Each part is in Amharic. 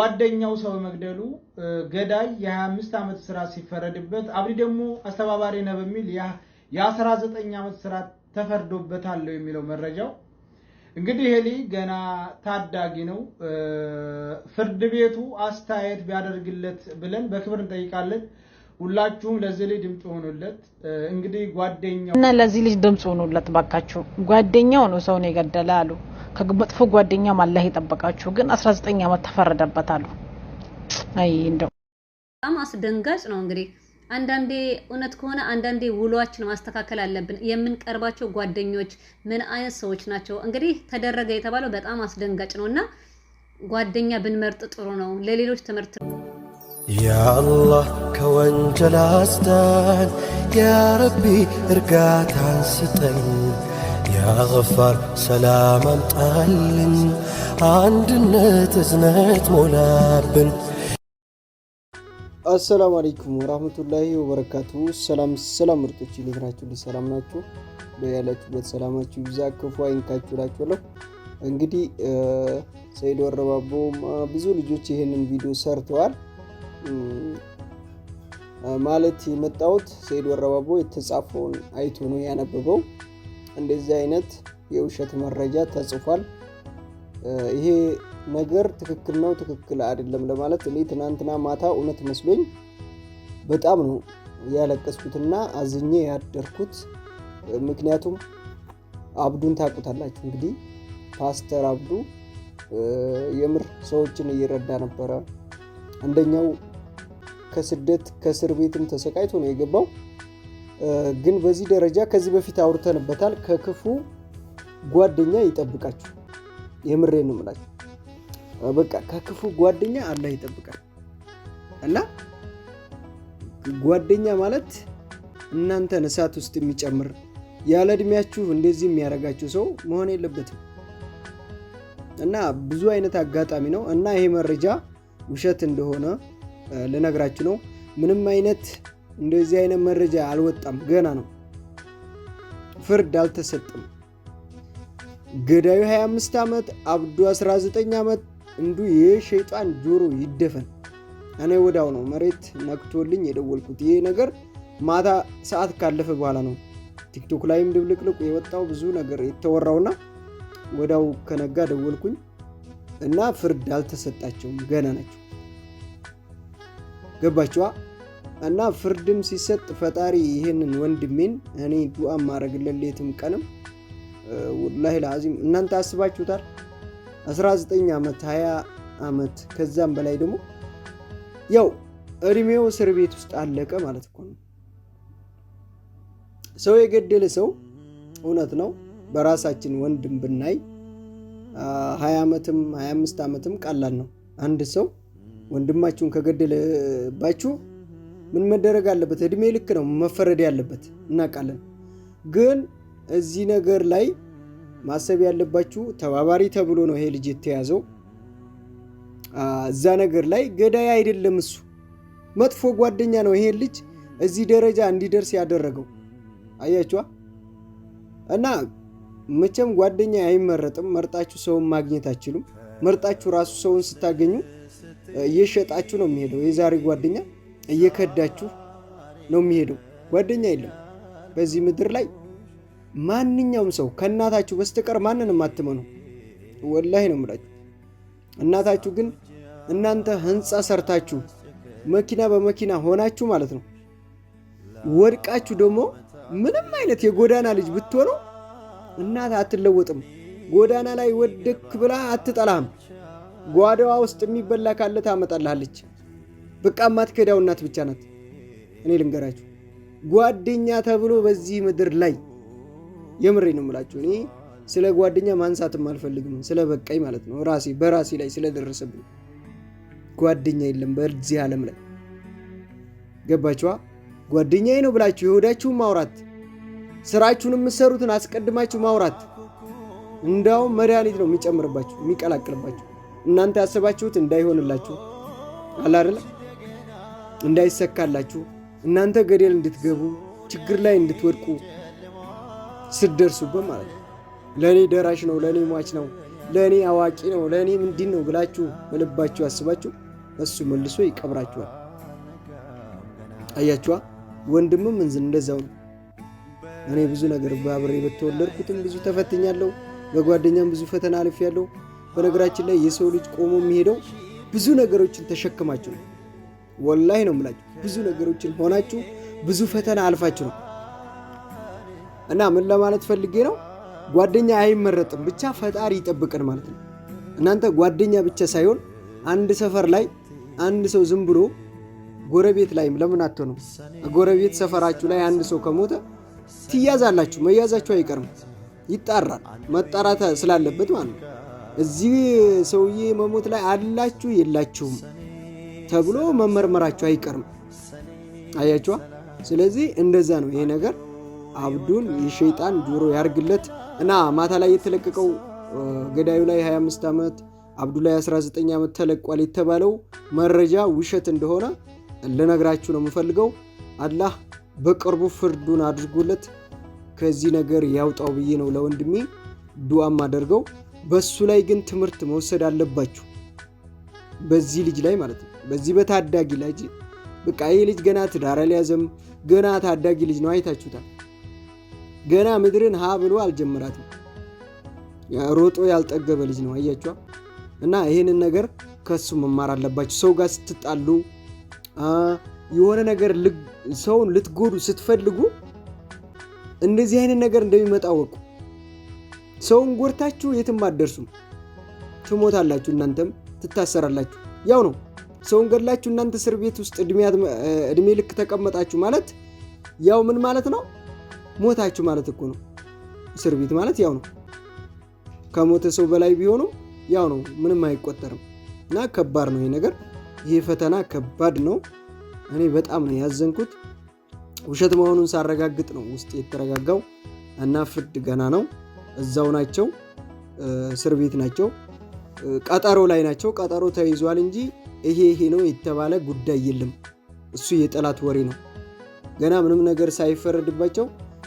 ጓደኛው ሰው መግደሉ ገዳይ የ25 ዓመት ስራ ሲፈረድበት አብዲ ደግሞ አስተባባሪ ነው በሚል የ19 ዓመት ስራ ተፈርዶበታል የሚለው መረጃው። እንግዲህ ሄሊ ገና ታዳጊ ነው። ፍርድ ቤቱ አስተያየት ቢያደርግለት ብለን በክብር እንጠይቃለን። ሁላችሁም ለዚህ ልጅ ድምጽ ሆኑለት። እንግዲህ ጓደኛው እና ለዚህ ልጅ ድምጽ ሆኑለት ባካችሁ። ጓደኛው ነው ሰውን የገደለ አሉ። ከመጥፎ ጓደኛም አላህ የጠበቃችሁ። ግን 19 ዓመት ተፈረደበት አሉ። አይ እንደው በጣም አስደንጋጭ ነው። እንግዲህ አንዳንዴ እውነት ከሆነ አንዳንዴ ውሏችን ማስተካከል አለብን። የምንቀርባቸው ጓደኞች ምን አይነት ሰዎች ናቸው? እንግዲህ ተደረገ የተባለው በጣም አስደንጋጭ ነው እና ጓደኛ ብንመርጥ ጥሩ ነው፣ ለሌሎች ትምህርት ነው። ያ አላህ ከወንጀል አስዳን ያረቢ እርጋታን ስጠን ያገፋር ሰላም አምጣልን አንድነት እዝነት ሞላብን። አሰላሙ አለይኩም ወራህመቱላሂ ወበረካቱ። ሰላም ሰላም ምርጦች እንዴት ሰላም ናችሁ? በያላችሁበት ሰላማችሁ ይብዛ፣ ክፉ አይንካችሁ እላችኋለሁ። እንግዲህ ሰይድ ወረባቦ ብዙ ልጆች ይህንን ቪዲዮ ሰርተዋል። ማለት የመጣሁት ሰይድ ወረባቦ የተጻፈውን አይቶ ነው ያነበበው። እንደዚህ አይነት የውሸት መረጃ ተጽፏል። ይሄ ነገር ትክክል ነው፣ ትክክል አይደለም ለማለት እኔ ትናንትና ማታ እውነት መስሎኝ በጣም ነው ያለቀስኩትና አዝኜ ያደርኩት። ምክንያቱም አብዱን ታውቁታላችሁ እንግዲህ ፓስተር አብዱ የምር ሰዎችን እየረዳ ነበረ። አንደኛው ከስደት ከእስር ቤትም ተሰቃይቶ ነው የገባው። ግን በዚህ ደረጃ ከዚህ በፊት አውርተንበታል። ከክፉ ጓደኛ ይጠብቃችሁ። የምሬ ነው የምላችሁ። በቃ ከክፉ ጓደኛ አላህ ይጠብቃል እና ጓደኛ ማለት እናንተን እሳት ውስጥ የሚጨምር ያለ እድሜያችሁ እንደዚህ የሚያደርጋችሁ ሰው መሆን የለበትም እና ብዙ አይነት አጋጣሚ ነው እና ይሄ መረጃ ውሸት እንደሆነ ልነግራችሁ ነው። ምንም አይነት እንደዚህ አይነት መረጃ አልወጣም፣ ገና ነው፣ ፍርድ አልተሰጥም ገዳዩ 25 ዓመት፣ አብዱ 19 ዓመት። እንዱ የሸይጣን ጆሮ ይደፈን። እኔ ወዳው ነው መሬት ነክቶልኝ የደወልኩት። ይሄ ነገር ማታ ሰዓት ካለፈ በኋላ ነው ቲክቶክ ላይም ድብልቅልቁ የወጣው ብዙ ነገር የተወራውና ወዳው ከነጋ ደወልኩኝ እና ፍርድ አልተሰጣቸውም ገና ናቸው። ገባችዋ እና ፍርድም ሲሰጥ ፈጣሪ ይህንን ወንድሜን እኔ ዱዓ ማድረግለት ሌትም ቀንም ወላሂ ለአዚም እናንተ አስባችሁታል። 19 ዓመት 20 ዓመት ከዛም በላይ ደግሞ ያው እድሜው እስር ቤት ውስጥ አለቀ ማለት እኮ ነው። ሰው የገደለ ሰው እውነት ነው። በራሳችን ወንድም ብናይ 20 ዓመትም 25 ዓመትም ቀላል ነው አንድ ሰው ወንድማችሁን ከገደለባችሁ ምን መደረግ አለበት? እድሜ ልክ ነው መፈረድ ያለበት እናውቃለን። ግን እዚህ ነገር ላይ ማሰብ ያለባችሁ ተባባሪ ተብሎ ነው ይሄ ልጅ የተያዘው። እዛ ነገር ላይ ገዳይ አይደለም እሱ መጥፎ ጓደኛ ነው ይሄን ልጅ እዚህ ደረጃ እንዲደርስ ያደረገው። አያችኋ እና መቼም ጓደኛ አይመረጥም። መርጣችሁ ሰውን ማግኘት አይችሉም። መርጣችሁ ራሱ ሰውን ስታገኙ እየሸጣችሁ ነው የሚሄደው። የዛሬ ጓደኛ እየከዳችሁ ነው የሚሄደው። ጓደኛ የለም በዚህ ምድር ላይ ማንኛውም ሰው ከእናታችሁ በስተቀር ማንንም አትመኑ። ወላሂ ነው የምላችሁ። እናታችሁ ግን እናንተ ህንፃ ሰርታችሁ መኪና በመኪና ሆናችሁ ማለት ነው ወድቃችሁ ደግሞ ምንም አይነት የጎዳና ልጅ ብትሆነው እናት አትለወጥም። ጎዳና ላይ ወደክ ብላ አትጠላህም። ጓዳዋ ውስጥ የሚበላ ካለ ታመጣልሃለች። በቃ ማትከዳው እናት ብቻ ናት። እኔ ልንገራችሁ ጓደኛ ተብሎ በዚህ ምድር ላይ የምሬ ነው የምላችሁ። እኔ ስለ ጓደኛ ማንሳትም አልፈልግም፣ ስለ በቃኝ ማለት ነው። ራሴ በራሴ ላይ ስለደረሰብኝ ጓደኛ የለም በዚህ ዓለም ላይ ገባችኋ? ጓደኛዬ ነው ብላችሁ የሆዳችሁን ማውራት፣ ስራችሁን የምትሰሩትን አስቀድማችሁ ማውራት፣ እንዳውም መድኃኒት ነው የሚጨምርባችሁ የሚቀላቅልባችሁ። እናንተ ያሰባችሁት እንዳይሆንላችሁ አለ እንዳይሰካላችሁ እናንተ ገደል እንድትገቡ ችግር ላይ እንድትወድቁ ስትደርሱበት ማለት ነው። ለእኔ ደራሽ ነው፣ ለእኔ ሟች ነው፣ ለእኔ አዋቂ ነው፣ ለእኔ ምንድን ነው ብላችሁ በልባችሁ ያስባችሁ እሱ መልሶ ይቀብራችኋል። አያችኋ፣ ወንድምም እንደዛው ነው። እኔ ብዙ ነገር በአብሬ በተወለድኩትም ብዙ ተፈትኛለሁ፣ በጓደኛም ብዙ ፈተና አልፌያለሁ። በነገራችን ላይ የሰው ልጅ ቆሞ የሚሄደው ብዙ ነገሮችን ተሸክማችሁ ነው። ወላሂ ነው የምላችሁ። ብዙ ነገሮችን ሆናችሁ ብዙ ፈተና አልፋችሁ ነው እና ምን ለማለት ፈልጌ ነው፣ ጓደኛ አይመረጥም ብቻ ፈጣሪ ይጠብቀን ማለት ነው። እናንተ ጓደኛ ብቻ ሳይሆን አንድ ሰፈር ላይ አንድ ሰው ዝም ብሎ ጎረቤት ላይም ለምን አትሆንም? ጎረቤት ሰፈራችሁ ላይ አንድ ሰው ከሞተ ትያዛላችሁ፣ መያዛችሁ አይቀርም። ይጣራል፣ መጣራት ስላለበት ማለት ነው። እዚህ ሰውዬ መሞት ላይ አላችሁ የላችሁም ተብሎ መመርመራችሁ አይቀርም። አያችኋ። ስለዚህ እንደዛ ነው ይሄ ነገር። አብዱን የሸይጣን ጆሮ ያርግለት እና ማታ ላይ የተለቀቀው ገዳዩ ላይ 25 ዓመት አብዱ ላይ 19 ዓመት ተለቋል የተባለው መረጃ ውሸት እንደሆነ ልነግራችሁ ነው የምፈልገው። አላህ በቅርቡ ፍርዱን አድርጎለት ከዚህ ነገር ያውጣው ብዬ ነው ለወንድሜ ዱዓም አደርገው። በሱ ላይ ግን ትምህርት መውሰድ አለባችሁ። በዚህ ልጅ ላይ ማለት ነው፣ በዚህ በታዳጊ ላይ በቃ ይህ ልጅ ገና ትዳር አልያዘም፣ ገና ታዳጊ ልጅ ነው። አይታችሁታል። ገና ምድርን ሀ ብሎ አልጀመራትም። ሮጦ ያልጠገበ ልጅ ነው። አያችኋ። እና ይህንን ነገር ከሱ መማር አለባችሁ። ሰው ጋር ስትጣሉ የሆነ ነገር ሰውን ልትጎዱ ስትፈልጉ እንደዚህ አይነት ነገር እንደሚመጣ ወቁ። ሰውን ጎርታችሁ የትም አደርሱ፣ ትሞታላችሁ፣ እናንተም ትታሰራላችሁ። ያው ነው። ሰውን ገድላችሁ እናንተ እስር ቤት ውስጥ እድሜ ልክ ተቀመጣችሁ ማለት ያው ምን ማለት ነው? ሞታችሁ ማለት እኮ ነው። እስር ቤት ማለት ያው ነው። ከሞተ ሰው በላይ ቢሆኑም ያው ነው፣ ምንም አይቆጠርም። እና ከባድ ነው ይህ ነገር፣ ይህ ፈተና ከባድ ነው። እኔ በጣም ነው ያዘንኩት። ውሸት መሆኑን ሳረጋግጥ ነው ውስጥ የተረጋጋው እና ፍርድ ገና ነው። እዛው ናቸው፣ እስር ቤት ናቸው፣ ቀጠሮ ላይ ናቸው። ቀጠሮ ተይዟል እንጂ ይሄ ይሄ ነው የተባለ ጉዳይ የለም። እሱ የጠላት ወሬ ነው። ገና ምንም ነገር ሳይፈረድባቸው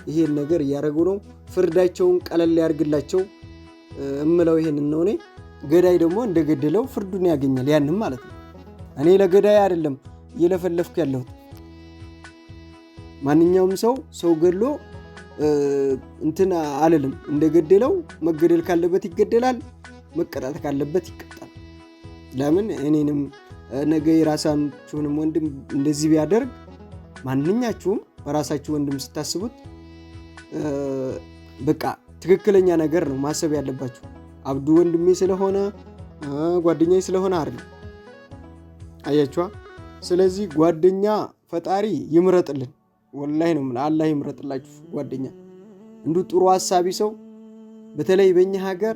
ይሄን ነገር እያደረጉ ነው። ፍርዳቸውን ቀለል ያርግላቸው እምለው ይሄን ነው እኔ። ገዳይ ደግሞ እንደገደለው ፍርዱን ያገኛል። ያንም ማለት ነው። እኔ ለገዳይ አይደለም እየለፈለፍኩ ያለሁት። ማንኛውም ሰው ሰው ገድሎ እንትን አልልም። እንደገደለው መገደል ካለበት ይገደላል፣ መቀጣት ካለበት ይቀጣል። ለምን እኔንም ነገ የራሳችሁንም ወንድም እንደዚህ ቢያደርግ ማንኛችሁም በራሳችሁ ወንድም ስታስቡት በቃ ትክክለኛ ነገር ነው ማሰብ ያለባችሁ። አብዱ ወንድሜ ስለሆነ ጓደኛ ስለሆነ አይደለም። አያችኋ። ስለዚህ ጓደኛ ፈጣሪ ይምረጥልን። ወላሂ ነው አላህ ይምረጥላችሁ ጓደኛ። እንዱ ጥሩ ሀሳቢ ሰው በተለይ በእኛ ሀገር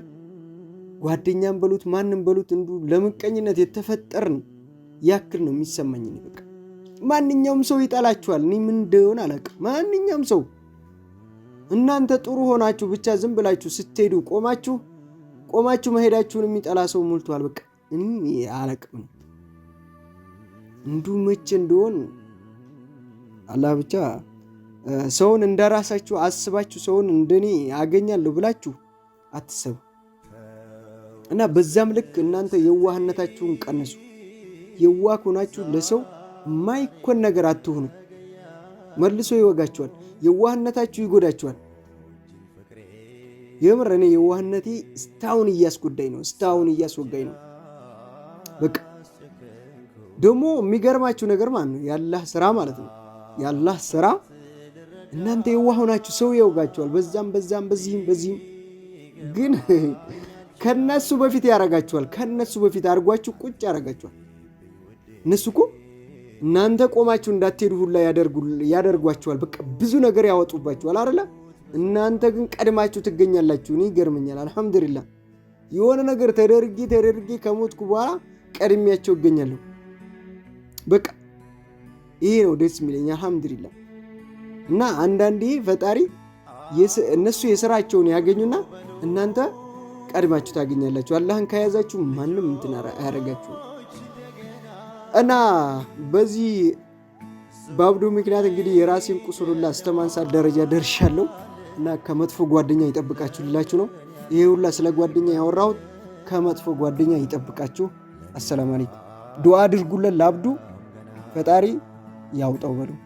ጓደኛም በሉት ማንም በሉት እንዱ ለምቀኝነት የተፈጠርን ያክል ነው የሚሰማኝ። በቃ ማንኛውም ሰው ይጠላችኋል። እኔ ምን እንደሆነ አላውቅም። ማንኛውም ሰው እናንተ ጥሩ ሆናችሁ ብቻ ዝም ብላችሁ ስትሄዱ ቆማችሁ ቆማችሁ መሄዳችሁን የሚጠላ ሰው ሞልቷል። በቃ እኔ አላውቅም እንዱ መቼ እንደሆን አላህ ብቻ ሰውን እንደራሳችሁ አስባችሁ ሰውን እንደኔ አገኛለሁ ብላችሁ አትሰቡ እና በዛም ልክ እናንተ የዋህነታችሁን ቀንሱ። የዋህ ከሆናችሁ ለሰው ማይኮን ነገር አትሆኑ። መልሶ ይወጋችኋል። የዋህነታችሁ ይጎዳችኋል። የምር እኔ የዋህነቴ እስታሁን እያስጎዳኝ ነው፣ እስታሁን እያስወጋኝ ነው። በቃ ደግሞ የሚገርማችሁ ነገር ማለት ነው ያላህ ስራ ማለት ነው የአላህ ስራ እናንተ የዋህ ሆናችሁ ሰው ያውጋችኋል። በዛም በዛም በዚህም በዚህም ግን ከነሱ በፊት ያረጋችኋል። ከነሱ በፊት አድርጓችሁ ቁጭ ያረጋችኋል። እነሱ እኮ እናንተ ቆማችሁ እንዳትሄዱ ሁላ ያደርጓችኋል። በቃ ብዙ ነገር ያወጡባችኋል አይደለ? እናንተ ግን ቀድማችሁ ትገኛላችሁ። እኔ ይገርመኛል። አልሐምዱሊላ የሆነ ነገር ተደርጌ ተደርጌ ከሞትኩ በኋላ ቀድሚያቸው እገኛለሁ በቃ ይሄ ነው ደስ የሚለኝ። አልሐምዱሊላ እና አንዳንዴ ፈጣሪ እነሱ የስራቸውን ያገኙና እናንተ ቀድማችሁ ታገኛላችሁ። አላህን ከያዛችሁ ማንም እንትን አያረጋችሁ እና በዚህ በአብዶ ምክንያት እንግዲህ የራሴን ቁስሉላ እስተማንሳት ደረጃ ደርሻለሁ እና ከመጥፎ ጓደኛ ይጠብቃችሁ ልላችሁ ነው። ይሄ ሁላ ስለ ጓደኛ ያወራሁት ከመጥፎ ጓደኛ ይጠብቃችሁ። አሰላም አለይኩም። ዱዓ አድርጉለን ለአብዱ ፈጣሪ ያውጠው በሉ።